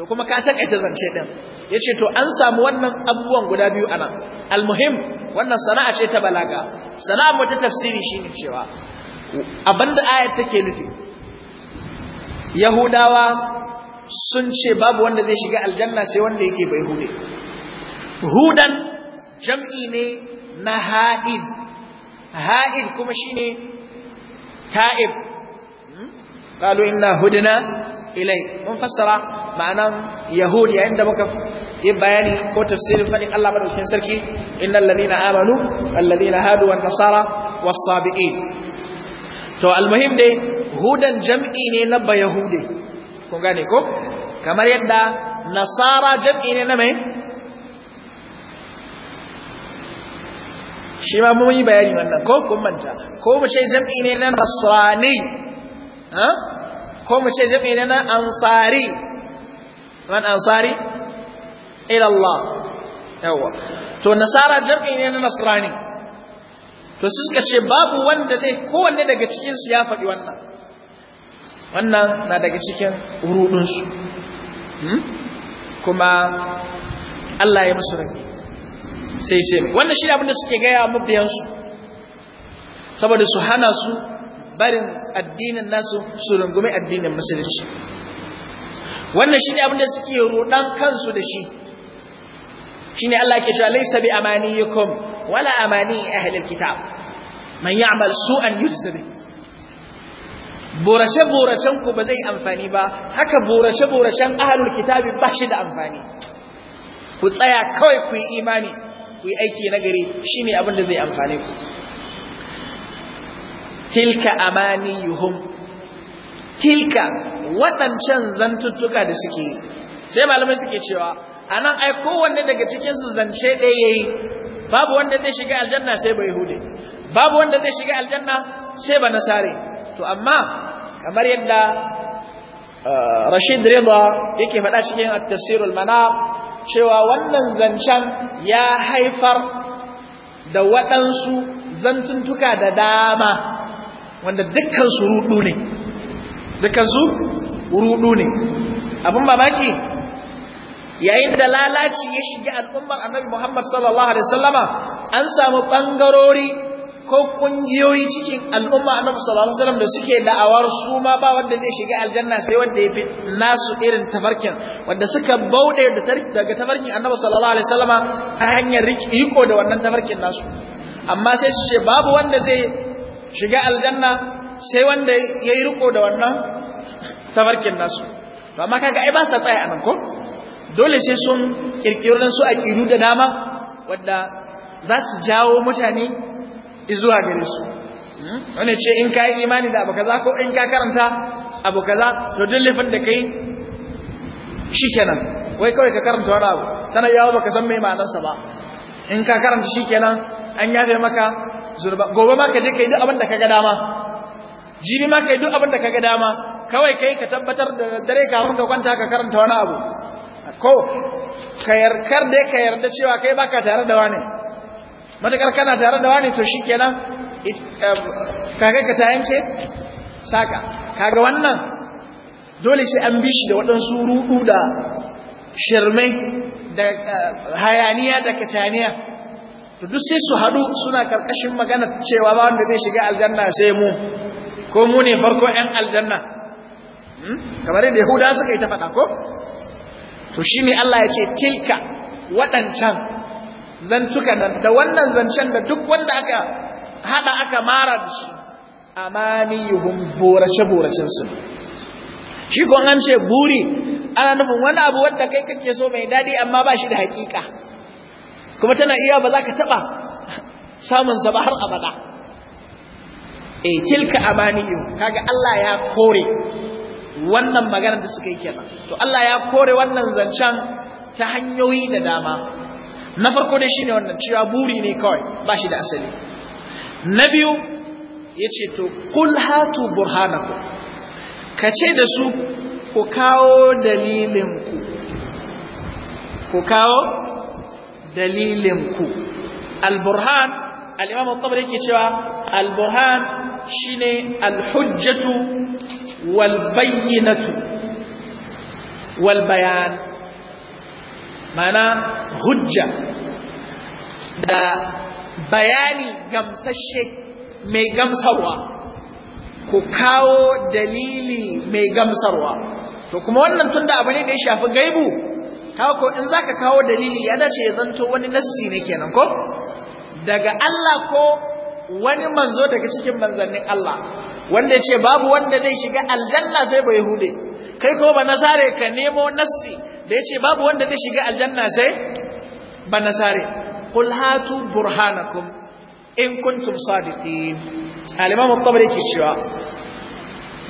to kuma ka ta zance din yace to an samu wannan abubuwan guda biyu anan almuhim wannan sana'a ce ta balaga sana'a mu ta tafsiri shine cewa abinda ayat take nufi yahudawa sun ce babu wanda zai shiga aljanna sai wanda yake bai hude hudan jam'i ne na ha'id ha'id kuma shine ta'ib hmm? qalu inna hudna ilai mun fassara ma'anan Yahudi yayin da muka yi bayani ko tafsirin fadin Allah madaukakin sarki innal ladina amanu alladina hadu wan nasara was sabiin to almuhim dai hudan jam'i ne na bayahude kun gane ko kamar yadda nasara jam'i ne na mai shi ma mun yi bayani wannan ko kun manta ko mu ce jam'i ne na nasrani ha ko mu ce jam'i ne na ansari man ansari ila Allah yawa to nasara jam'i ne na nasrani to su suka ce babu wanda zai kowanne daga cikin su ya faɗi wannan wannan na daga cikin urudun su hmm? kuma Allah ya musu rabi sai ce wannan shi abin da suke gaya mabiyansu saboda su hana su barin addinin nasu su rungume addinin musulunci wannan shi abin da suke roɗan kansu da shi shi ne Allah ke cewa laisa bi amaniyikum wala amani ahlil kitab man ya'mal su'an yujzabi borace-boracen ku ba zai amfani ba haka borace-boracen ahalul kitabi ba shi da amfani ku tsaya kawai ku yi imani ku yi aiki na gari shine abin da zai amfane ku tilka amani yuhum tilka waɗancan zantuttuka da suke sai malamai suke cewa anan ai kowanne daga cikinsu zance ɗaya yi, babu wanda zai shiga aljanna sai ba yahude babu wanda zai shiga aljanna sai ba nasare to amma kamar yadda eh, Rashid Rida yake faɗa cikin at-tafsirul manar cewa wannan zancen ya haifar da waɗansu zantuntuka da dama wanda dukansu ruɗu ne ruɗu ne abin mamaki yayin da lalaci ya shiga al'ummar annabi Muhammad sallallahu alaihi wasallama an samu ɓangarori ko kungiyoyi cikin al'umma annabi sallallahu alaihi wasallam da suke da'awar su ma ba wanda zai shiga aljanna sai wanda ya fi nasu irin tafarkin wanda suka bauɗe daga tafarkin annabi sallallahu alaihi wasallama ta hanyar riko da wannan tafarkin nasu amma sai su ce babu wanda zai shiga aljanna sai wanda ya yi riko da wannan tafarkin nasu To amma kaga ai ba sa tsaya anan ko dole sai sun kirkiro su a kiru da dama wanda za su jawo mutane zuwa gare su hmm? wanda ce in ka yi imani da abu kaza ko in ka karanta abu kaza to duk laifin da kai shikenan wai kawai ka karanta wani abu tana yawo baka san mai ma'anarsa ba in ka karanta shikenan an yafe maka zurba gobe ma ka je kai duk abin da ka ga dama jibi ma kai duk abin da ka ga dama kawai kai ka tabbatar da dare kafin ka kwanta ka karanta wani abu ko ka yarkar dai ka yarda cewa kai baka tare da wani matakar kana tare da wani to shi kenan um, kaga ka ta yanke saka kaga wannan dole sai an bi shi da waɗansu ruɗu da shirmai da uh, hayaniya da kataniya to duk sai su haɗu suna ƙarƙashin magana cewa ba wanda zai shiga aljanna sai mu ko mu ne farko ‘yan aljanna hmm? kamar yadda yahuda suka yi ta faɗa ko to shi Allah ya ce tilka waɗancan zantuka nan da wannan zancen da duk wanda aka hada aka mara da shi amaniyuhum borace boracen su shi ko an ce buri ana nufin wani abu wanda kai kake so mai dadi amma ba shi da hakika kuma tana iya ba za ka taba samun sa ba har abada eh tilka amaniyu kaga Allah ya kore wannan maganar da suka yi kenan to Allah ya kore wannan zancen ta hanyoyi da dama na farko dai shine wannan cewa buri ne kawai ba shi da asali na biyu ya ce to kul hatu burhanaku ka ce da su ku kawo dalilinku ku kawo dalilinku alburhan al'imam al-tabari yake cewa alburhan shine alhujjatu wal bayyinatu wal bayan mana hujja da bayani gamsashe mai gamsarwa ku kawo dalili mai gamsarwa to kuma wannan tunda abu ne da ya shafi gaibu ko in zaka kawo dalili ya dace ya zanto wani nassi ne kenan ko daga Allah ko wani manzo daga cikin manzannin Allah wanda yace ce babu wanda zai shiga aljanna sai ba yahude kai ko ba nasare ka nemo nassi da ya ce babu wanda zai shiga aljanna sai ba nasare kul hatu burhanakum in kuntum sadiqin al-imam at-tabari ke cewa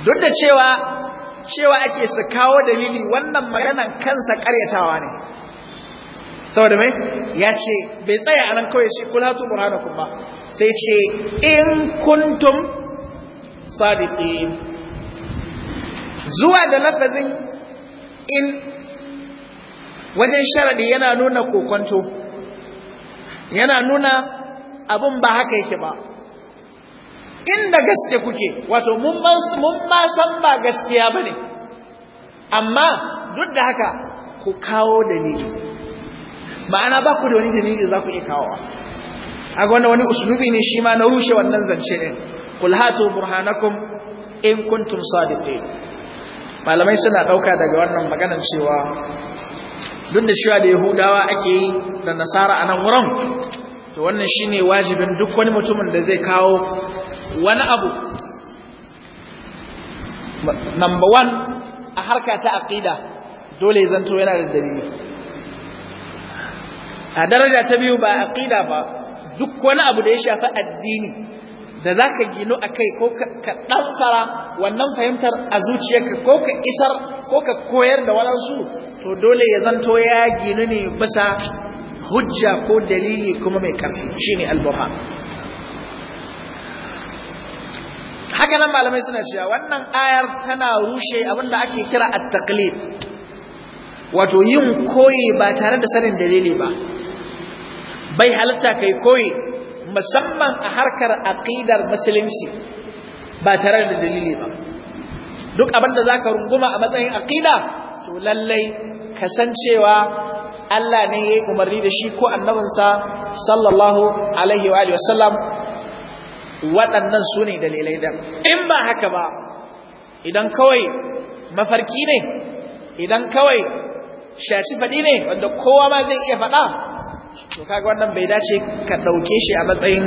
duk da cewa cewa ake su kawo dalili wannan maganan kansa karyatawa ne saboda mai ya ce bai tsaya a nan kawai shi kul hatu burhanakum ba sai ce in kuntum sadiqin zuwa da lafazin in wajen sharadi yana nuna kokonto yana nuna abin ba haka yake ba inda gaske kuke wato mun ma san ba gaskiya ba ne amma duk da haka ku kawo dalili ma'ana ba ku da wani dalili za ku iya kawo a wanda wani uslubi ne shi ma na rushe wannan zance ne kul hatu burhanakum in kuntum sadiqin malamai suna ɗauka daga wannan maganar cewa duk da cewa da yahudawa ake yi da nasara a nan wurin to wannan shine wajibin duk wani mutumin da zai kawo wani abu number one a harka ta aqida dole zanto yana da dalili a daraja ta biyu ba aqida ba duk wani abu da ya shafi addini da zaka gino akai ko ka dan fara wannan fahimtar a zuciyarka ko ka isar ko ka koyar da waɗansu to dole ya zanto ya ginu ne bisa hujja ko dalili kuma mai karfi shine al-burhan haka nan malamai suna cewa wannan ayar tana rushe abinda ake kira at-taqlid wato yin koyi ba tare da sanin dalili ba bai halatta kai koyi musamman a harkar aqidar musulunci ba tare da dalili ba duk abinda zaka runguma a matsayin aqida to lallai kasancewa Allah ne ya yi umarni da shi ko annabinsa sallallahu alaihi wa sallam waɗannan su ne dalilai da in ba haka ba idan kawai mafarki ne idan kawai shaci faɗi ne wanda kowa ma zai iya faɗa to kaga wannan bai dace ka ɗauke shi a matsayin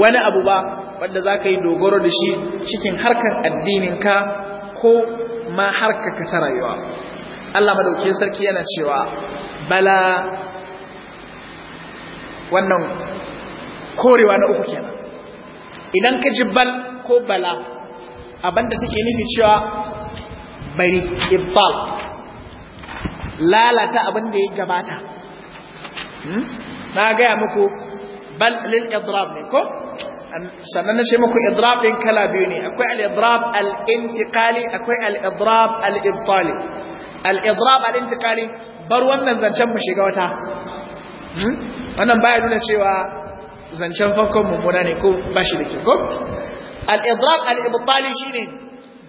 wani abu ba wanda za ka yi dogoro da shi cikin harkar addininka ko ma harkar ka ta rayuwa Allah madaukakin sarki yana cewa bala wannan korewa na uku kenan idan ka ji bal ko bala abinda take nufi cewa bari ibbal lalata abinda ya gabata hmm? na gaya muku bal lil idrab ne ko sannan na ce muku idrab din kala biyu ne akwai al idrab al intiqali akwai al idrab al ibtali al-idrab al-intiqali bar wannan zancen mu shiga wata hmm? wannan baya nuna cewa zancen farkon mummuna ne ko ba shi da ke ko al-idrab al-ibtali shine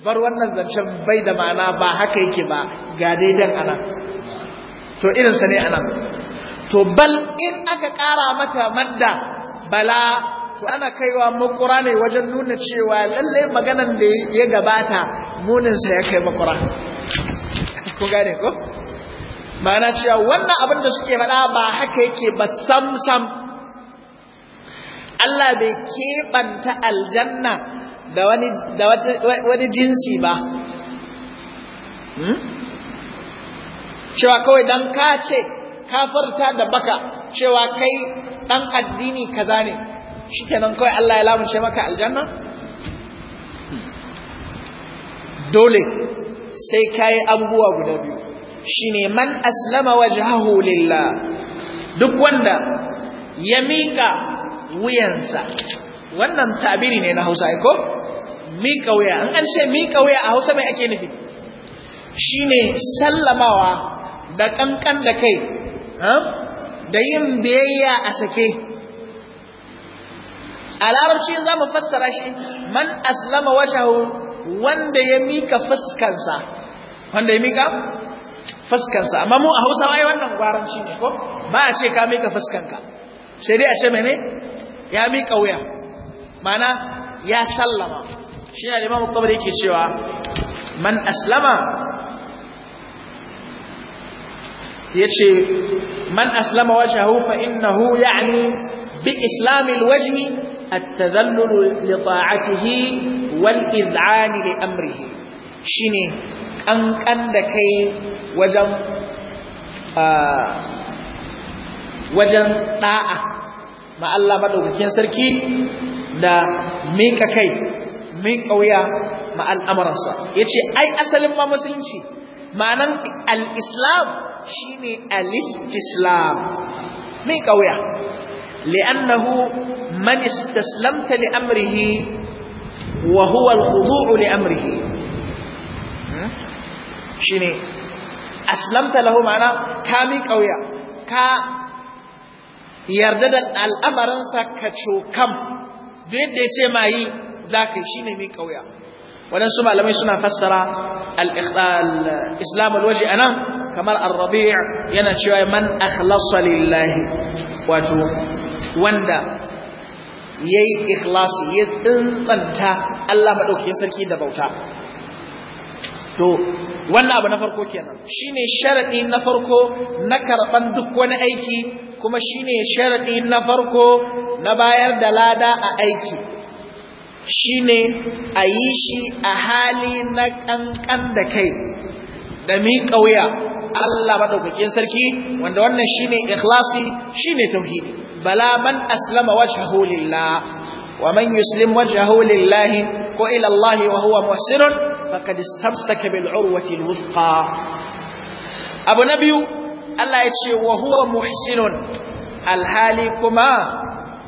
bar wannan zancen bai da ma'ana ba haka yake ba ga daidan ana to irinsa ne ana to bal in aka ƙara mata madda bala to ana kaiwa makura ne wajen nuna cewa lallai maganan da ya gabata muninsa ya kai makura kun gane ko ma'ana cewa wannan abin da suke faɗa ba haka yake ba sam sam Allah bai keɓanta aljanna da wani da wani jinsi ba hmm? cewa kawai dan ka ce kafarta da baka cewa kai dan addini kaza ne shikenan kawai Allah ya lamunce maka aljanna hmm. dole sai kayi abubuwa guda biyu shine man aslama wajhahu lillah duk wanda ya mika wuyansa wannan tabiri ne na Hausa ko mika wuya an an ce mika wuya a Hausa mai ake nufi shine sallamawa da kankan da kai da yin biyayya a sake a larabci za mu fassara shi man aslama wajahu wanda ya mika fuskansa wanda ya mika fuskansa amma mu a Hausa wai wannan gwaranci ne ko ba a ce ka mika fuskanka sai dai a ce mene ya mika wuya mana ya sallama shi ne Imam Tabari yake cewa man aslama yace man aslama wajhahu fa innahu ya'ni bi islamil wajhi التذلل لطاعته والإذعان لأمره شيني ƙanƙan da kai wajen ɗa'a ma Allah maɗaukakin sarki da miƙa kai miƙa wuya ma al'amuransa ya ce ai asalin ma musulunci ma'anan al'islam islam ne al'islam miƙa wuya li'annahu man istaslamta li amrihi wa huwa al-khudu' li amrihi shine aslamta lahu ma'ana ka mi kauya ka yarda da al'amarin sa ka cokam duk yadda yace mai zaka shine mi kauya wadansu malamai suna fassara al-islam al-waji anan kamar ar-rabi' yana cewa man akhlasa lillahi wato wanda yayi ikhlasi ya tsantsanta Allah madaukakin sarki da bauta to wannan abu na farko kenan shine sharaɗi na farko na karɓan duk wani aiki kuma shine sharaɗi na farko na bayar da lada a aiki shine a yi shi a hali na ƙanƙan da kai da miƙa wuya Allah madaukakin sarki wanda wannan shine ikhlasi shine tauhidi bala man aslama wajhahu lillah wa man yuslim wajhahu lillah ko ila Allah wa huwa muhsin faqad istamsaka bil urwati al wuthqa abu nabiyu Allah ya ce wa huwa muhsinun alhali kuma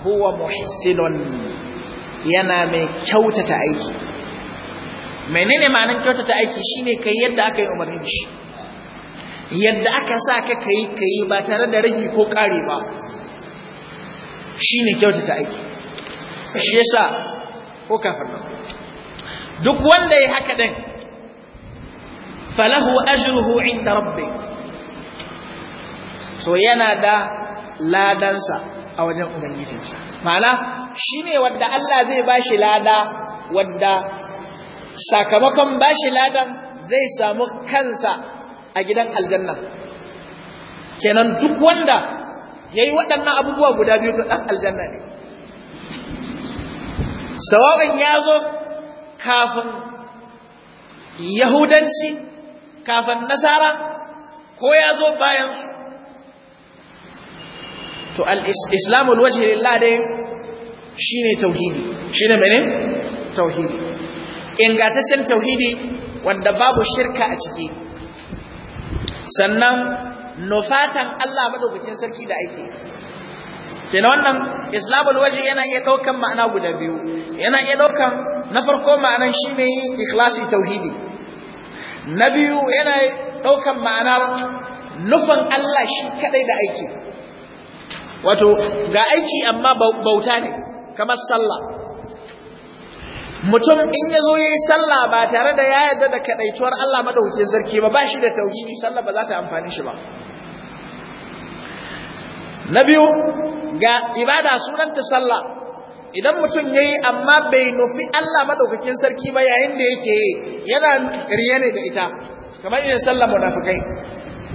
huwa muhsinun yana mai kyautata aiki menene ma'anar kyautata aiki shine kai yadda aka yi umarni shi yadda aka sa ka kai kai ba tare da rage ko kare ba ne kyautata aiki shi yasa ko kafin nan duk wanda ya haka din falahu ajruhu inda rabbi to yana da ladansa a wajen ubangijinsa ma'ana shi ne wadda Allah zai bashi lada wadda sakamakon bashi ladan zai samu kansa a gidan aljanna kenan duk wanda yayi waɗannan abubuwa guda biyu to dan aljanna ne sawa'in ya zo kafin yahudanci kafin nasara ko ya zo bayansu to al-islamul wajhi lillah dai shine tauhidi shine mene tauhidi ingantaccen tauhidi wanda babu shirka a ciki sannan nufatan Allah madaukakin sarki da aiki kenan wannan islamul waje yana iya daukan ma'ana guda biyu yana iya daukan na farko ma'anan shi ne ikhlasi tauhidi na biyu yana daukan ma'anar nufan Allah shi kadai da aiki wato ga aiki amma bauta ne kamar sallah mutum in ya zo ya yi sallah ba tare da ya yarda da kaɗaituwar Allah madaukakin sarki ba ba shi da tauhidi sallah ba za ta amfani shi ba na biyu ga ibada sunanta sallah idan mutum ya yi amma bai nufi Allah maɗaukakin sarki ba yayin da yake yi yana riya ne da ita kamar yin sallah munafikai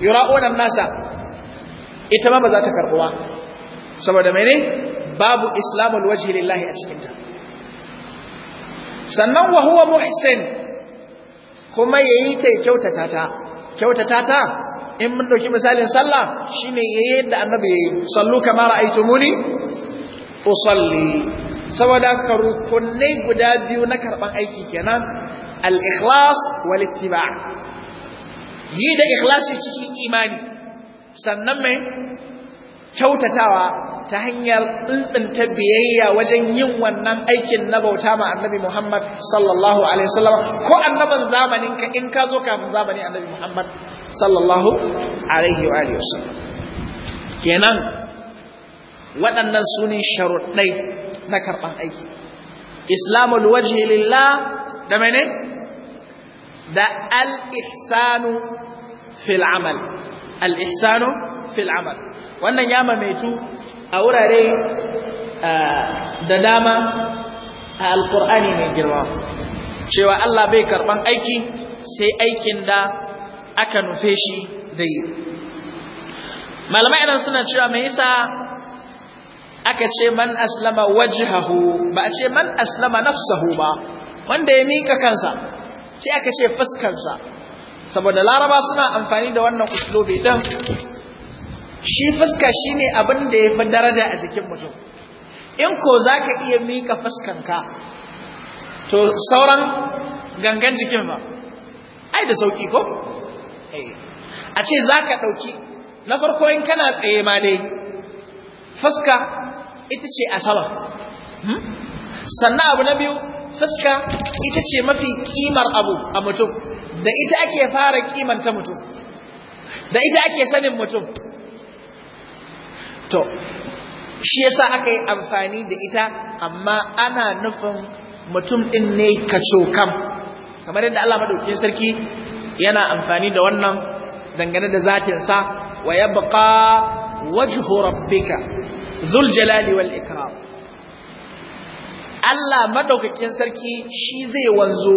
yura'una nasa ita ma ba za ta karɓuwa saboda mene babu islamul wajhi lillahi a cikinta sannan wa huwa muhsin kuma yayi ta kyautata ta kyautata ta in mun dauki misalin sallah shine yayi yadda annabi yayi sallu kama ra'aytumuni usalli saboda karukunai guda biyu na karban aiki kenan al-ikhlas wal ittiba' yi da ikhlasi cikin imani sannan mai kyautatawa ta hanyar tsintsinta biyayya wajen yin wannan aikin na bauta ma annabi Muhammad sallallahu alaihi wasallam ko annaban zamanin ka in ka zo kafin zamanin annabi Muhammad sallallahu alaihi wa alihi wasallam kenan waɗannan su ne sharuɗai na karɓan aiki islamul wajhi lillah da mene da al-ihsanu fil amal al-ihsanu fil amal wannan ya mamaitu a wurare da dama a alkur'ani mai girma cewa Allah bai karban aiki sai aikin da aka nufe shi da yi malamai idan suna cewa mai yasa aka ce man aslama wajhahu ba a ce man aslama nafsahu ba wanda ya mika kansa sai aka ce fuskansa. saboda laraba suna amfani da wannan uslubi din shi fuska shine abin da ya fi daraja a jikin mutum in ko za ka iya mika fuskanka to sauran gangan jikin ba ai da sauƙi ko eh. a ce za ka ɗauki na farko in kana tsaye ma dai fuska ita ce asaba hmm? sannan abu na biyu fuska ita ce mafi kimar abu a mutum da ita ake fara kimanta mutum da ita ake sanin mutum to shi yasa aka yi amfani da ita amma ana nufin mutum din ne kam. kamar yadda Allah madaukakin sarki yana amfani da wannan dangane da zatin sa wa yabqa wajhu rabbika dhul jalali wal ikram Allah madaukakin sarki shi zai wanzo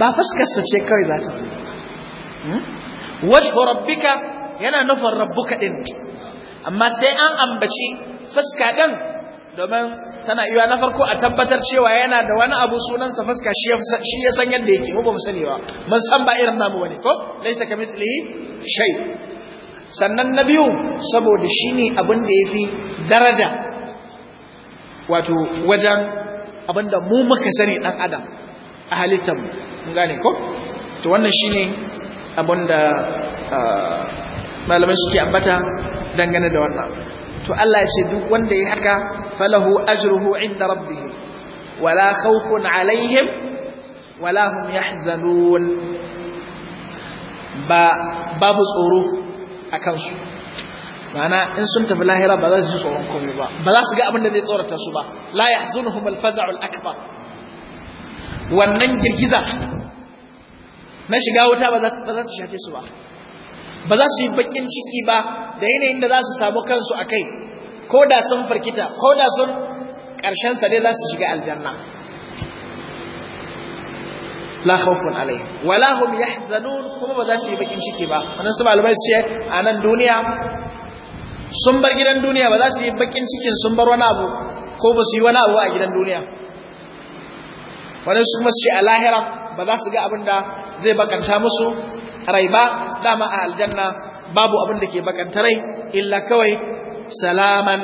ba fuskar sa ce kai za ta hmm? wajhu rabbika yana nufin rabbuka din amma sai an ambaci fuska din domin tana iya na farko a tabbatar cewa yana da wani abu sunansa fuska shi ya san yadda yake mu ba mu sani ba mun san ba irin namu wani ko laisa kamithlihi shay sannan na biyu saboda shine abin da yafi daraja wato wajen abin da mu muka sani dan adam a halittar mu mun gane ko to wannan shine abin da ah, malamai suke ambata dangane da wannan to Allah ya ce duk wanda ya haka falahu ajruhu inda rabbih wala khawfun alaihim wala hum yahzanun ba babu tsoro akan su ma'ana in sun tafi lahira ba za su ji tsoron komai ba ba za su ga abin da zai tsorata su ba la yahzunuhum al-faza'ul akbar wannan girgiza na shiga wuta ba za ta shafe su ba ba za su yi bakin ciki ba da yanayin da za su samu kansu a kai ko da sun farkita ko da sun ƙarshensa dai za su shiga aljanna la khawfun alaihim la hum yahzanun kuma ba za su yi bakin ciki ba wannan su malamai su ce a nan duniya sun bar gidan duniya ba za su yi bakin cikin sun bar wani abu ko ba su yi wani abu a gidan duniya wani su kuma su ce a lahira ba za su ga abin da zai bakanta musu rai ba dama a aljanna babu abin da ke bakanta rai illa kawai salaman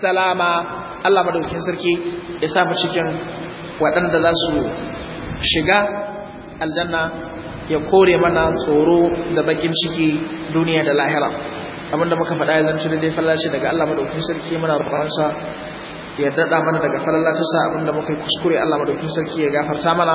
salama Allah madaukakin sarki ya samu cikin waɗanda za su shiga aljanna ya kore mana tsoro da bakin ciki duniya da lahira abinda muka faɗa ya zanci dai fallashi daga Allah madaukakin sarki muna roƙonsa ya daɗa mana daga falalla abin sa muka yi kuskure Allah madaukakin sarki ya gafarta mana